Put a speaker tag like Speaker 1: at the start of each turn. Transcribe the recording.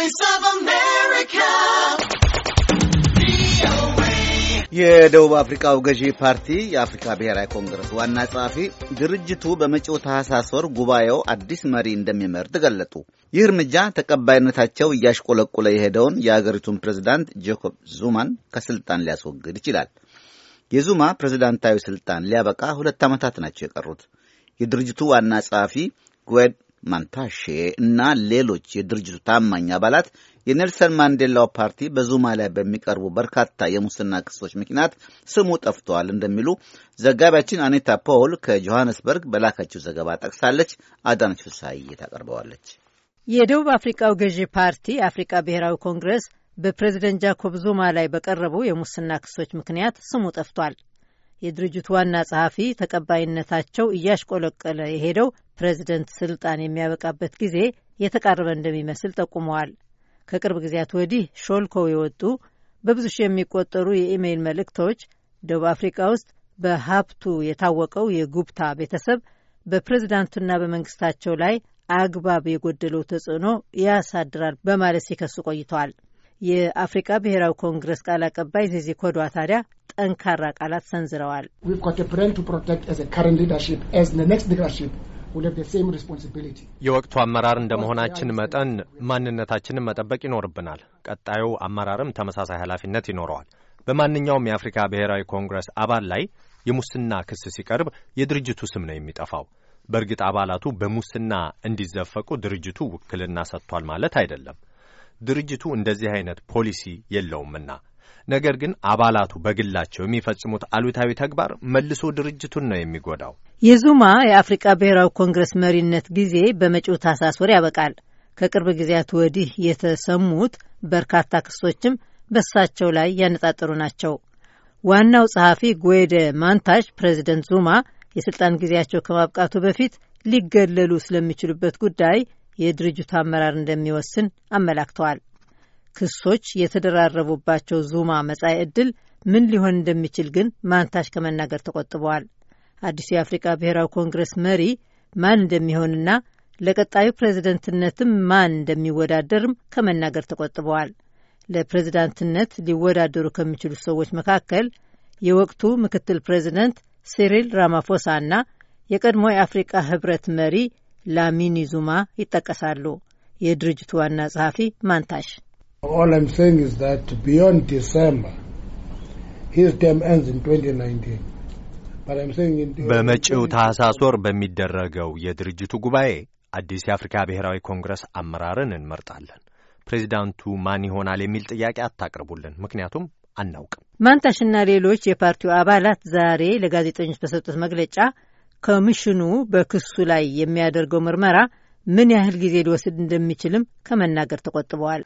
Speaker 1: Voice of America.
Speaker 2: የደቡብ አፍሪካው ገዢ ፓርቲ የአፍሪካ ብሔራዊ ኮንግረስ ዋና ጸሐፊ ድርጅቱ በመጪው ታህሳስ ወር ጉባኤው አዲስ መሪ እንደሚመርጥ ገለጡ። ይህ እርምጃ ተቀባይነታቸው እያሽቆለቆለ የሄደውን የአገሪቱን ፕሬዝዳንት ጄኮብ ዙማን ከስልጣን ሊያስወግድ ይችላል። የዙማ ፕሬዝዳንታዊ ስልጣን ሊያበቃ ሁለት ዓመታት ናቸው የቀሩት። የድርጅቱ ዋና ጸሐፊ ጉዌድ ማንታሼ እና ሌሎች የድርጅቱ ታማኝ አባላት የኔልሰን ማንዴላው ፓርቲ በዙማ ላይ በሚቀርቡ በርካታ የሙስና ክሶች ምክንያት ስሙ ጠፍተዋል እንደሚሉ ዘጋቢያችን አኔታ ፖል ከጆሐንስበርግ በላከችው ዘገባ ጠቅሳለች። አዳነች ፍሳይ ታቀርበዋለች።
Speaker 3: የደቡብ አፍሪቃው ገዢ ፓርቲ አፍሪቃ ብሔራዊ ኮንግረስ በፕሬዚደንት ጃኮብ ዙማ ላይ በቀረቡ የሙስና ክሶች ምክንያት ስሙ ጠፍቷል። የድርጅቱ ዋና ጸሐፊ ተቀባይነታቸው እያሽቆለቀለ የሄደው ፕሬዚደንት ስልጣን የሚያበቃበት ጊዜ የተቃረበ እንደሚመስል ጠቁመዋል። ከቅርብ ጊዜያት ወዲህ ሾልኮው የወጡ በብዙ ሺህ የሚቆጠሩ የኢሜይል መልእክቶች ደቡብ አፍሪካ ውስጥ በሀብቱ የታወቀው የጉብታ ቤተሰብ በፕሬዚዳንቱና በመንግስታቸው ላይ አግባብ የጎደለው ተጽዕኖ ያሳድራል በማለት ሲከሱ ቆይተዋል። የአፍሪቃ ብሔራዊ ኮንግረስ ቃል አቀባይ ዚዚ ኮዷ ታዲያ ጠንካራ ቃላት ሰንዝረዋል።
Speaker 1: የወቅቱ አመራር እንደመሆናችን መጠን ማንነታችንን መጠበቅ ይኖርብናል። ቀጣዩ አመራርም ተመሳሳይ ኃላፊነት ይኖረዋል። በማንኛውም የአፍሪካ ብሔራዊ ኮንግረስ አባል ላይ የሙስና ክስ ሲቀርብ የድርጅቱ ስም ነው የሚጠፋው። በእርግጥ አባላቱ በሙስና እንዲዘፈቁ ድርጅቱ ውክልና ሰጥቷል ማለት አይደለም። ድርጅቱ እንደዚህ አይነት ፖሊሲ የለውምና ነገር ግን አባላቱ በግላቸው የሚፈጽሙት አሉታዊ ተግባር መልሶ ድርጅቱን ነው የሚጎዳው።
Speaker 3: የዙማ የአፍሪቃ ብሔራዊ ኮንግረስ መሪነት ጊዜ በመጪው ታህሳስ ወር ያበቃል። ከቅርብ ጊዜያት ወዲህ የተሰሙት በርካታ ክሶችም በሳቸው ላይ ያነጣጠሩ ናቸው። ዋናው ጸሐፊ ጎይደ ማንታሽ ፕሬዚደንት ዙማ የሥልጣን ጊዜያቸው ከማብቃቱ በፊት ሊገለሉ ስለሚችሉበት ጉዳይ የድርጅቱ አመራር እንደሚወስን አመላክተዋል። ክሶች የተደራረቡባቸው ዙማ መጻኢ ዕድል ምን ሊሆን እንደሚችል ግን ማንታች ከመናገር ተቆጥበዋል። አዲሱ የአፍሪካ ብሔራዊ ኮንግረስ መሪ ማን እንደሚሆንና ለቀጣዩ ፕሬዝደንትነትም ማን እንደሚወዳደርም ከመናገር ተቆጥበዋል። ለፕሬዝዳንትነት ሊወዳደሩ ከሚችሉ ሰዎች መካከል የወቅቱ ምክትል ፕሬዝደንት ሲሪል ራማፎሳ እና የቀድሞ የአፍሪቃ ህብረት መሪ ላሚኒ ዙማ ይጠቀሳሉ። የድርጅቱ ዋና ጸሐፊ ማንታሽ All I'm saying is that beyond December, his term ends in 2019.
Speaker 1: በመጪው ታህሳስ ወር በሚደረገው የድርጅቱ ጉባኤ አዲስ የአፍሪካ ብሔራዊ ኮንግረስ አመራርን እንመርጣለን። ፕሬዚዳንቱ ማን ይሆናል የሚል ጥያቄ አታቅርቡልን፣ ምክንያቱም አናውቅም።
Speaker 3: ማንታሽና ሌሎች የፓርቲው አባላት ዛሬ ለጋዜጠኞች በሰጡት መግለጫ ኮሚሽኑ በክሱ ላይ የሚያደርገው ምርመራ ምን ያህል ጊዜ ሊወስድ እንደሚችልም ከመናገር ተቆጥበዋል።